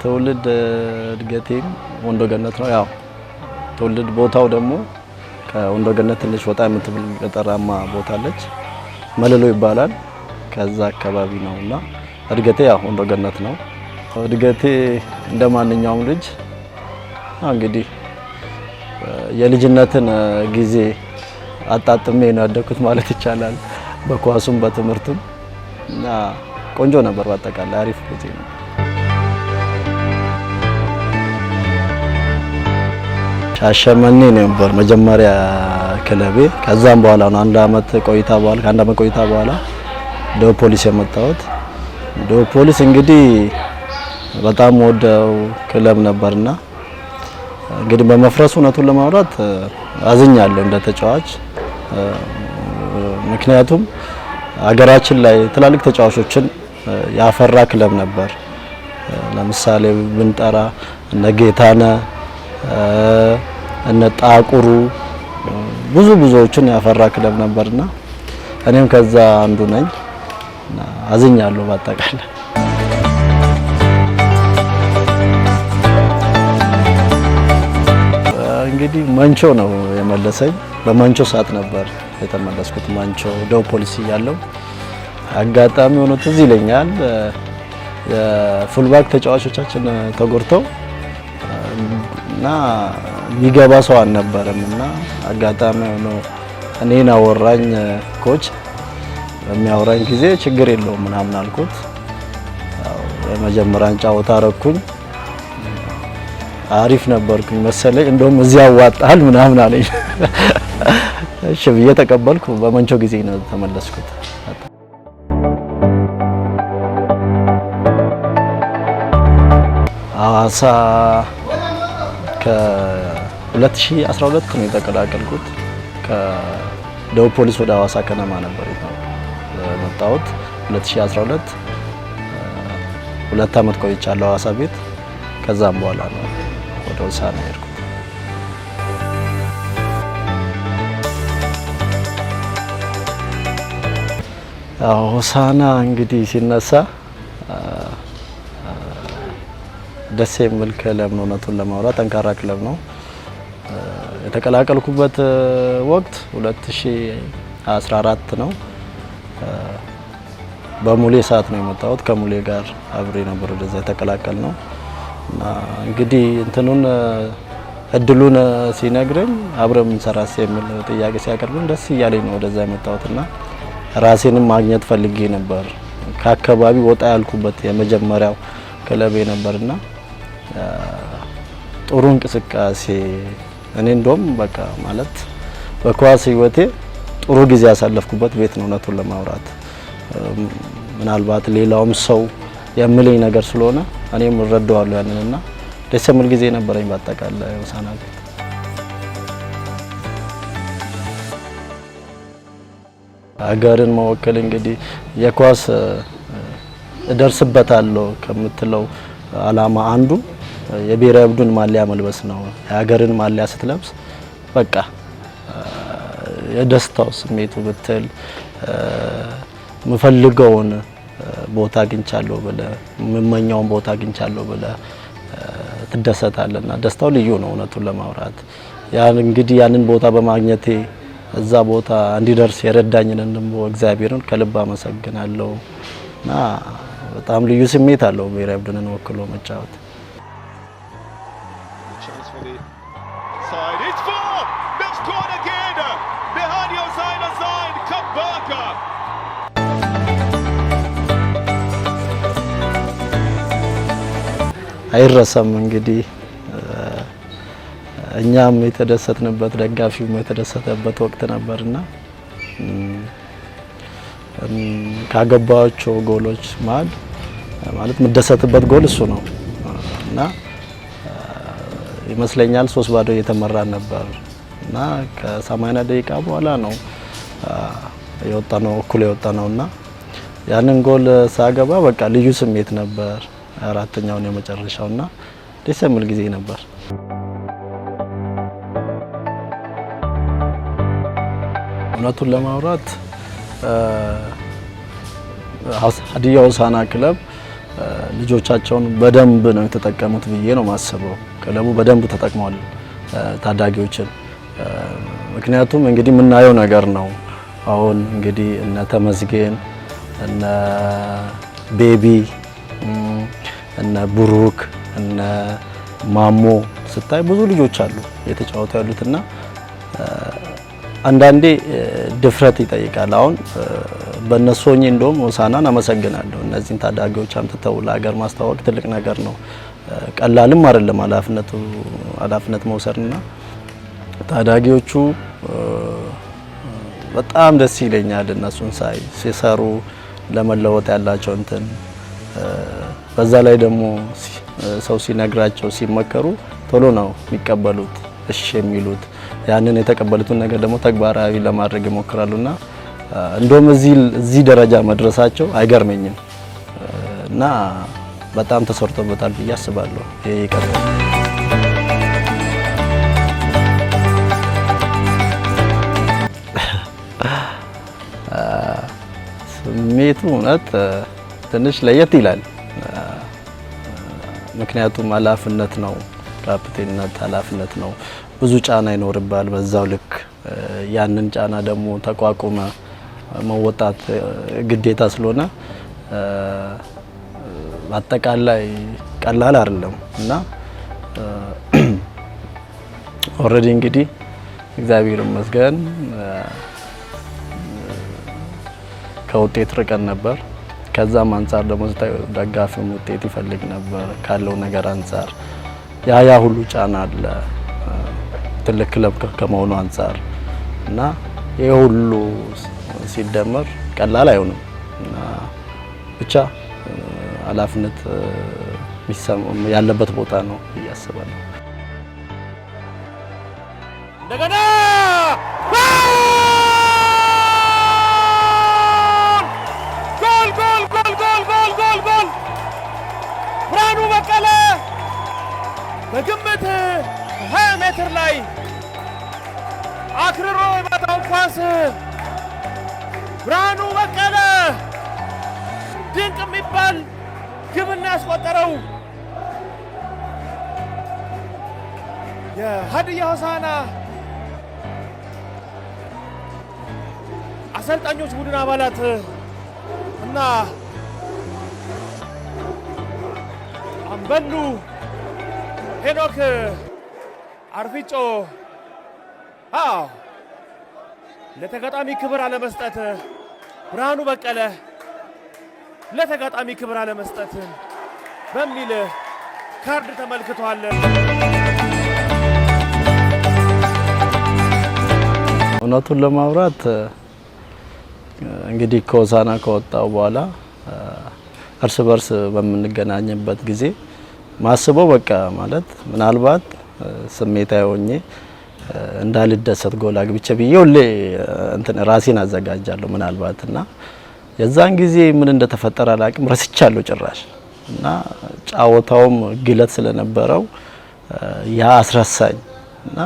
ትውልድ እድገቴም ወንዶ ገነት ነው። ያው ትውልድ ቦታው ደግሞ ከወንዶ ገነት ትንሽ ወጣ የምትብል ገጠራማ ቦታ አለች፣ መለሎ ይባላል። ከዛ አካባቢ ነው እና እድገቴ ያው ወንዶ ገነት ነው። እድገቴ እንደ ማንኛውም ልጅ እንግዲህ የልጅነትን ጊዜ አጣጥሜ ነው ያደግኩት ማለት ይቻላል። በኳሱም በትምህርቱም እና ቆንጆ ነበር። በአጠቃላይ አሪፍ ጊዜ ነው። ሻሸመኔ ነበር መጀመሪያ ክለቤ። ከዛም በኋላ ነው አንድ አመት ቆይታ በኋላ ከአንድ አመት ቆይታ በኋላ ደው ፖሊስ የመጣሁት። ደው ፖሊስ እንግዲህ በጣም ወደው ክለብ ነበርና እንግዲህ በመፍረሱ እውነቱን ለማውራት አዝኛለሁ እንደ ተጫዋች። ምክንያቱም አገራችን ላይ ትላልቅ ተጫዋቾችን ያፈራ ክለብ ነበር። ለምሳሌ ብንጠራ እነ እነ ጣቁሩ ብዙ ብዙዎችን ያፈራ ክለብ ነበርና እኔም ከዛ አንዱ ነኝ። አዝኛለሁ ባጠቃላይ። እንግዲህ ማንቾ ነው የመለሰኝ። በማንቾ ሰዓት ነበር የተመለስኩት። ማንቾ ደው ፖሊሲ ያለው አጋጣሚ ሆኖ ትዝ ይለኛል የፉልባክ ተጫዋቾቻችን ተጎድተው እና የሚገባ ሰው አልነበረም። እና አጋጣሚ ሆኖ እኔን አወራኝ ኮች። በሚያወራኝ ጊዜ ችግር የለውም ምናምን አልኩት። የመጀመሪያን ጫወታ አረኩኝ። አሪፍ ነበርኩኝ መሰለኝ። እንደውም እዚህ ያዋጣል ምናምን አለኝ። እሺ ብዬ ተቀበልኩ። በመንቾ ጊዜ ነው ተመለስኩት። ሐዋሳ ከ2012 ነው የተቀላቀልኩት። ከደቡብ ፖሊስ ወደ ሀዋሳ ከነማ ነበር የመጣሁት 2012። ሁለት ዓመት ቆይቻለሁ ሀዋሳ ቤት። ከዛም በኋላ ነው ወደ ሆሳዕና ሄድኩት። ሆሳዕና እንግዲህ ሲነሳ ደስ የሚል ክለብ ነው። እውነቱን ለማውራት ጠንካራ ክለብ ነው። የተቀላቀልኩበት ወቅት 2014 ነው። በሙሌ ሰዓት ነው የመጣሁት። ከሙሌ ጋር አብሬ ነበር ወደዛ የተቀላቀል ነው እና እንግዲህ እንትኑን እድሉን ሲነግረኝ አብረ ምንሰራስ የሚል ጥያቄ ሲያቀርብን ደስ እያለኝ ነው ወደዛ የመጣሁትና ራሴንም ማግኘት ፈልጌ ነበር። ከአካባቢ ወጣ ያልኩበት የመጀመሪያው ክለቤ ነበርና ጥሩ እንቅስቃሴ እኔ እንደውም በቃ ማለት በኳስ ህይወቴ ጥሩ ጊዜ ያሳለፍኩበት ቤት ነው። እውነቱን ለማውራት ምናልባት ሌላውም ሰው የምልኝ ነገር ስለሆነ እኔም እረዳዋለሁ ያንንና ደስ የሚል ጊዜ ነበረኝ በአጠቃላይ ሆሳዕና ቤት። ሀገርን መወከል እንግዲህ የኳስ እደርስበታለሁ ከምትለው አላማ አንዱ የብሔራዊ ቡድን ማሊያ መልበስ ነው። የሀገርን ማሊያ ስትለብስ በቃ የደስታው ስሜቱ ብትል የምፈልገውን ቦታ አግኝቻለሁ ብለ የምመኛውን ቦታ አግኝቻለሁ ብለ ትደሰታለና ደስታው ልዩ ነው። እውነቱን ለማውራት ያን እንግዲህ ያንን ቦታ በማግኘቴ እዛ ቦታ እንዲደርስ የረዳኝን ደግሞ እግዚአብሔርን ከልብ አመሰግናለሁ እና በጣም ልዩ ስሜት አለው ብሔራዊ ቡድንን ወክሎ መጫወት። chance for the side. It's four! They've scored again! Behind your side, aside, Kabaka! አይረሳም እንግዲህ እኛም የተደሰትንበት ደጋፊውም የተደሰተበት ወቅት ነበርና ካገባቸው ጎሎች መሀል ማለት የምደሰትበት ጎል እሱ ነው እና ይመስለኛል ሶስት ባዶ እየተመራ ነበር እና ከሰማንያ ደቂቃ በኋላ ነው የወጣ ነው እኩል የወጣ ነው እና ያንን ጎል ሳገባ በቃ ልዩ ስሜት ነበር። አራተኛውን የመጨረሻው እና ደስ የሚል ጊዜ ነበር። እውነቱን ለማውራት ሀዲያ ሆሳዕና ክለብ ልጆቻቸውን በደንብ ነው የተጠቀሙት ብዬ ነው ማስበው። ክለቡ በደንብ ተጠቅሟል ታዳጊዎችን። ምክንያቱም እንግዲህ የምናየው ነገር ነው። አሁን እንግዲህ እነ ተመዝጌን እነ ቤቢ እነ ብሩክ እነ ማሞ ስታይ ብዙ ልጆች አሉ የተጫወቱ ያሉትና አንዳንዴ ድፍረት ይጠይቃል አሁን በእነሱ ሆኜ እንደውም ሆሳዕናን አመሰግናለሁ። እነዚህን ታዳጊዎች አምጥተው ለሀገር ማስተዋወቅ ትልቅ ነገር ነው። ቀላልም አይደለም ኃላፊነቱ ኃላፊነት መውሰድና ታዳጊዎቹ በጣም ደስ ይለኛል እነሱን ሳይ ሲሰሩ ለመለወጥ ያላቸው እንትን በዛ ላይ ደግሞ ሰው ሲነግራቸው ሲመከሩ ቶሎ ነው የሚቀበሉት እሺ የሚሉት ያንን የተቀበሉትን ነገር ደግሞ ተግባራዊ ለማድረግ ይሞክራሉና እንደውም እዚህ ደረጃ መድረሳቸው አይገርመኝም እና በጣም ተሰርቶበታል ብዬ አስባለሁ። ይሄ ይቀጥላል። ስሜቱ እውነት ትንሽ ለየት ይላል። ምክንያቱም ኃላፊነት ነው፣ ካፕቴንነት ኃላፊነት ነው። ብዙ ጫና ይኖርባል። በዛው ልክ ያንን ጫና ደግሞ ተቋቁመ መወጣት ግዴታ ስለሆነ አጠቃላይ ቀላል አይደለም እና ኦልሬዲ እንግዲህ እግዚአብሔር ይመስገን ከውጤት ርቀን ነበር። ከዛም አንጻር ደግሞ ደጋፊም ውጤት ይፈልግ ነበር ካለው ነገር አንጻር ያ ያ ሁሉ ጫና አለ ትልቅ ክለብ ከመሆኑ አንጻር እና ይህ ሁሉ ሲደመር ቀላል አይሆንም እና ብቻ ኃላፊነት ያለበት ቦታ ነው እያስባለሁ። እንደገና አሰልጣኞች ቡድን አባላት እና አምበሉ ሄኖክ አርፊጮ ለተጋጣሚ ክብር አለመስጠት ብርሃኑ በቀለ ለተጋጣሚ ክብር አለመስጠት በሚል ካርድ ተመልክቷል። እውነቱን ለማውራት እንግዲህ ከሆሳና ከወጣው በኋላ እርስ በርስ በምንገናኝበት ጊዜ ማስበው በቃ ማለት ምናልባት ስሜታዊ ሆኜ እንዳልደሰት ጎል አግብቼ ብዬ ሁሌ እንትን ራሴን አዘጋጃለሁ። ምናልባት እና የዛን ጊዜ ምን እንደተፈጠረ አላቅም፣ ረስቻለሁ ጭራሽ እና ጫወታውም ግለት ስለነበረው ያ አስረሳኝ እና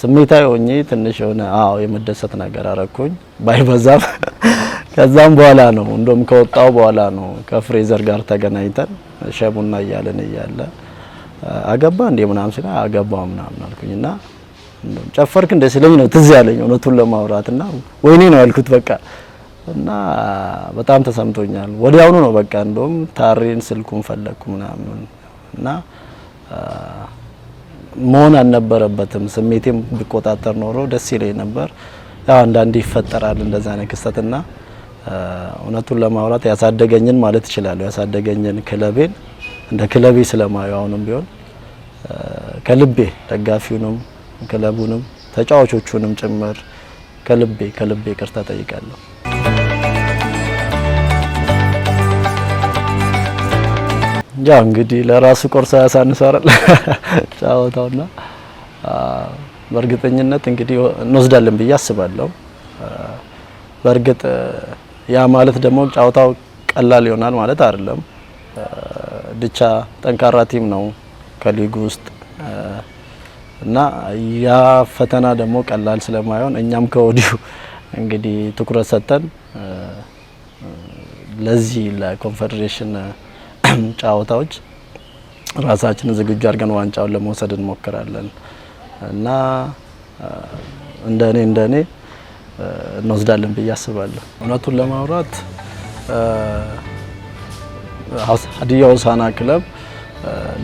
ስሜታዊ ሆኜ ትንሽ የሆነ አዎ የመደሰት ነገር አረኩኝ ባይበዛም። ከዛም በኋላ ነው እንደም ከወጣው በኋላ ነው ከፍሬዘር ጋር ተገናኝተን ሸቡና እያለን እያለ አገባ እንዴ ምናምን ሲል አገባው ምናምን አልኩኝና ጨፈርክ እንደ ሲለኝ ነው ትዝ ያለኝ እውነቱን ለማውራትና ወይኔ ነው ያልኩት በቃ እና በጣም ተሰምቶኛል። ወዲያውኑ ነው በቃ እንደውም ታሬን ስልኩን ፈለግኩ ምናምን እና መሆን አልነበረበትም። ስሜቴም ቢቆጣጠር ኖሮ ደስ ይለኝ ነበር። ያው አንዳንዴ ይፈጠራል እንደዛ አይነት ክስተትና እውነቱን ለማውራት ያሳደገኝን ማለት እችላለሁ። ያሳደገኝን ክለቤን እንደ ክለቤ ስለማየው አሁንም ቢሆን ከልቤ ደጋፊውንም ክለቡንም ተጫዋቾቹንም ጭምር ከልቤ ከልቤ ይቅርታ ጠይቃለሁ። ያው እንግዲህ ለራሱ ቆርሶ ያሳንሱ አይደል ጫወታውና በእርግጠኝነት እንግዲህ እንወስዳለን ብዬ አስባለሁ። በእርግጥ ያ ማለት ደግሞ ጫወታው ቀላል ይሆናል ማለት አይደለም። ድቻ ጠንካራ ቲም ነው ከሊጉ ውስጥ እና ያ ፈተና ደግሞ ቀላል ስለማይሆን እኛም ከወዲሁ እንግዲህ ትኩረት ሰጥተን ለዚህ ለኮንፌዴሬሽን ጨዋታዎች ራሳችንን ዝግጁ አድርገን ዋንጫውን ለመውሰድ እንሞክራለን እና እንደኔ እንደኔ እንወስዳለን ብዬ አስባለሁ። እውነቱን ለማውራት ሀዲያ ሆሳዕና ክለብ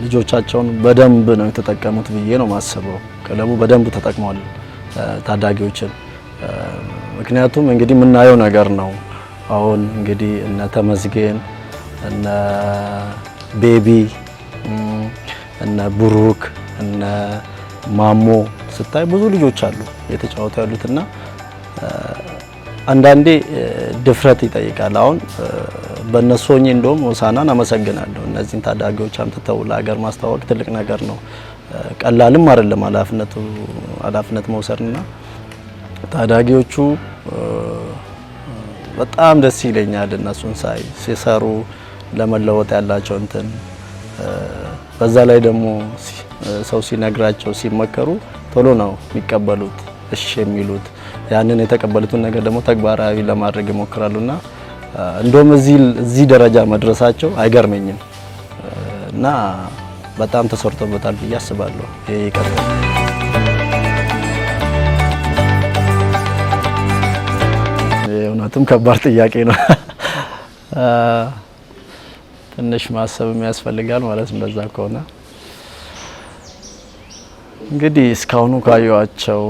ልጆቻቸውን በደንብ ነው የተጠቀሙት ብዬ ነው ማስበው። ክለቡ በደንብ ተጠቅሟል ታዳጊዎችን። ምክንያቱም እንግዲህ የምናየው ነገር ነው። አሁን እንግዲህ እነ እነ ቤቢ እነ ብሩክ እነ ማሞ ስታይ ብዙ ልጆች አሉ የተጫወቱ ያሉትና አንዳንዴ ድፍረት ይጠይቃል። አሁን በእነሱ ሆኜ እንደውም ሆሳዕናን አመሰግናለሁ። እነዚህን ታዳጊዎች አምጥተው ለሀገር ማስተዋወቅ ትልቅ ነገር ነው። ቀላልም አይደለም ኃላፊነቱ ኃላፊነት መውሰድና ታዳጊዎቹ በጣም ደስ ይለኛል እነሱን ሳይ ሲሰሩ ለመለወጥ ያላቸው እንትን በዛ ላይ ደግሞ ሰው ሲነግራቸው ሲመከሩ ቶሎ ነው የሚቀበሉት እሺ የሚሉት ያንን የተቀበሉትን ነገር ደግሞ ተግባራዊ ለማድረግ ይሞክራሉና እንደውም እዚህ ደረጃ መድረሳቸው አይገርመኝም እና በጣም ተሰርቶበታል ብዬ አስባለሁ። ይቀር የእውነትም ከባድ ጥያቄ ነው። ትንሽ ማሰብም ያስፈልጋል ማለት እንደዛ ከሆነ እንግዲህ እስካሁኑ ካየኋቸው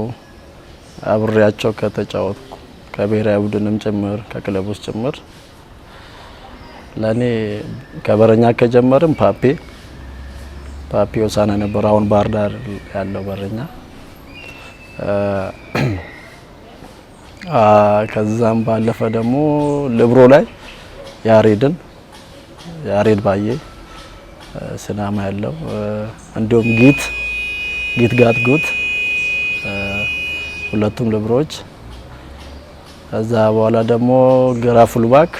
አብሬያቸው ከተጫወትኩ ከብሔራዊ ቡድንም ጭምር ውስጥ ጭምር ለእኔ ከበረኛ ከጀመርም ፓፔ ፓፔ ሆሳዕና ነበር። አሁን ባህር ዳር ያለው በረኛ። ከዛም ባለፈ ደግሞ ልብሮ ላይ ያሬድን ያሬድ ባዬ ስናማ ያለው እንዲሁም ጊት ጊት ጋት ጉት ሁለቱም ልብሮች ከዛ በኋላ ደግሞ ግራ ፉልባክ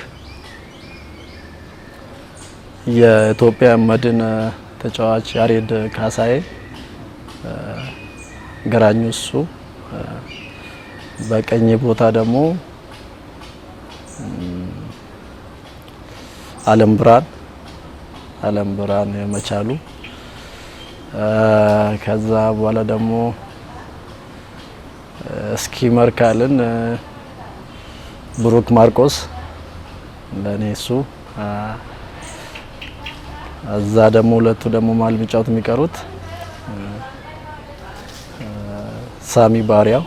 የኢትዮጵያ መድን ተጫዋች ያሬድ ካሳዬ ግራኙ እሱ በቀኝ ቦታ ደግሞ አለም ብርሃን አለም ብርሃን የመቻሉ ከዛ በኋላ ደግሞ እስኪ መርካልን ብሩክ ማርቆስ ለእኔ እሱ እዛ ደግሞ ሁለቱ ደግሞ መሀል የሚጫወት የሚቀሩት ሳሚ ባሪያው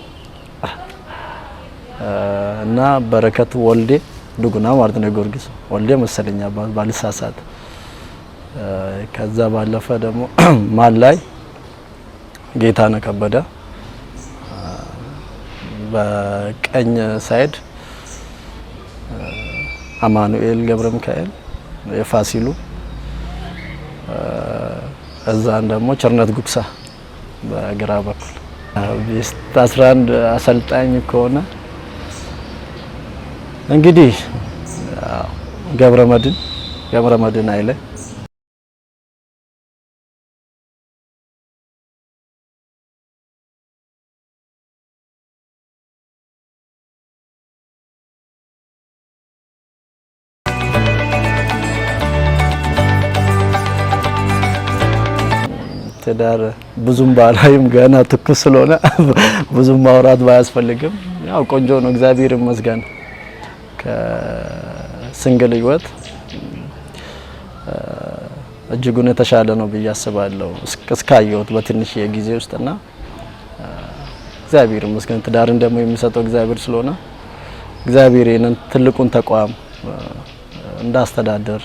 እና በረከት ወልዴ ዱጉና ማለት ነው። ጊዮርጊስ ወልዴ መሰለኛ ባልሳሳት ከዛ ባለፈ ደግሞ ማል ላይ ጌታነህ ከበደ በቀኝ ሳይድ አማኑኤል ገብረ ሚካኤል የፋሲሉ እዛን ደግሞ ቸርነት ጉግሳ በግራ በኩል ቤስት 11 አሰልጣኝ ከሆነ እንግዲህ ገብረ መድን ገብረ መድን አይለ ትዳር ብዙም ባህላዊም ገና ትኩስ ስለሆነ ብዙም ማውራት ባያስፈልግም ያው ቆንጆ ነው። እግዚአብሔር ይመስገን ከስንግል ህይወት እጅጉን የተሻለ ነው ብዬ አስባለሁ። እስካየሁት በትንሽ የጊዜ ውስጥና እግዚአብሔር ይመስገን ትዳርን ደግሞ የሚሰጠው እግዚአብሔር ስለሆነ እግዚአብሔር ይህንን ትልቁን ተቋም እንዳስተዳደር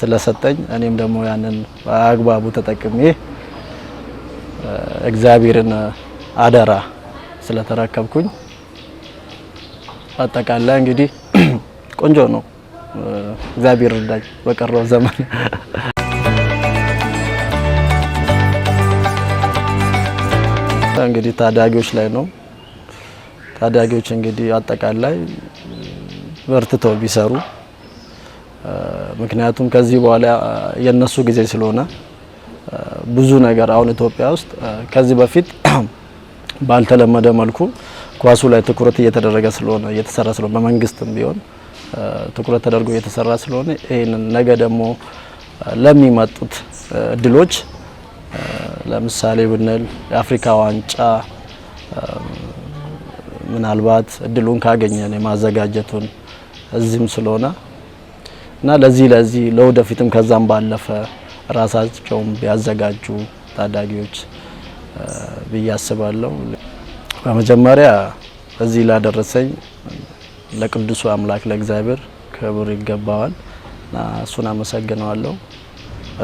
ስለሰጠኝ እኔም ደግሞ ያንን በአግባቡ ተጠቅሜ እግዚአብሔርን አደራ ስለተረከብኩኝ አጠቃላይ እንግዲህ ቆንጆ ነው። እግዚአብሔር እርዳኝ በቀረው ዘመን። እንግዲህ ታዳጊዎች ላይ ነው። ታዳጊዎች እንግዲህ አጠቃላይ በርትተው ቢሰሩ ምክንያቱም ከዚህ በኋላ የነሱ ጊዜ ስለሆነ ብዙ ነገር አሁን ኢትዮጵያ ውስጥ ከዚህ በፊት ባልተለመደ መልኩ ኳሱ ላይ ትኩረት እየተደረገ ስለሆነ እየተሰራ ስለሆነ በመንግስትም ቢሆን ትኩረት ተደርጎ እየተሰራ ስለሆነ ይህንን ነገ ደግሞ ለሚመጡት እድሎች ለምሳሌ ብንል የአፍሪካ ዋንጫ ምናልባት እድሉን ካገኘን የማዘጋጀቱን እዚህም ስለሆነ እና ለዚህ ለዚህ ለወደፊትም ከዛም ባለፈ ራሳቸውም ቢያዘጋጁ ታዳጊዎች ብዬ አስባለሁ። በመጀመሪያ እዚህ ላደረሰኝ ለቅዱሱ አምላክ ለእግዚአብሔር ክብር ይገባዋል እና እሱን አመሰግነዋለሁ።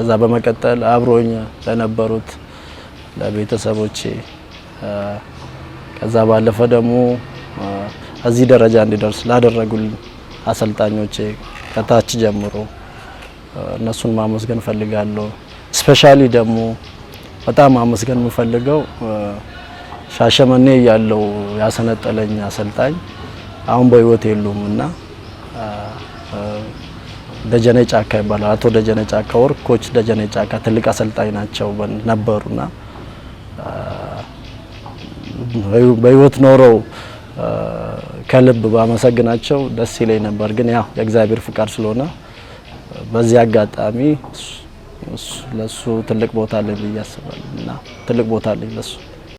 እዛ በመቀጠል አብሮኝ ለነበሩት ለቤተሰቦቼ፣ ከዛ ባለፈ ደግሞ እዚህ ደረጃ እንዲደርስ ላደረጉልኝ አሰልጣኞቼ ከታች ጀምሮ እነሱን ማመስገን ፈልጋለሁ። ስፔሻሊ ደግሞ በጣም ማመስገን የምፈልገው ሻሸመኔ ያለው ያሰነጠለኝ አሰልጣኝ አሁን በህይወት የሉም እና ደጀኔ ጫካ ይባላል። አቶ ደጀኔ ጫካ ወር ኮች ደጀኔ ጫካ ትልቅ አሰልጣኝ ናቸው ነበሩና በህይወት ኖረው ከልብ ባመሰግናቸው ደስ ይለኝ ነበር፣ ግን ያው የእግዚአብሔር ፍቃድ ስለሆነ በዚህ አጋጣሚ ለሱ ትልቅ ቦታ አለኝ ብዬ አስባለሁ እና ትልቅ ቦታ አለኝ ለሱ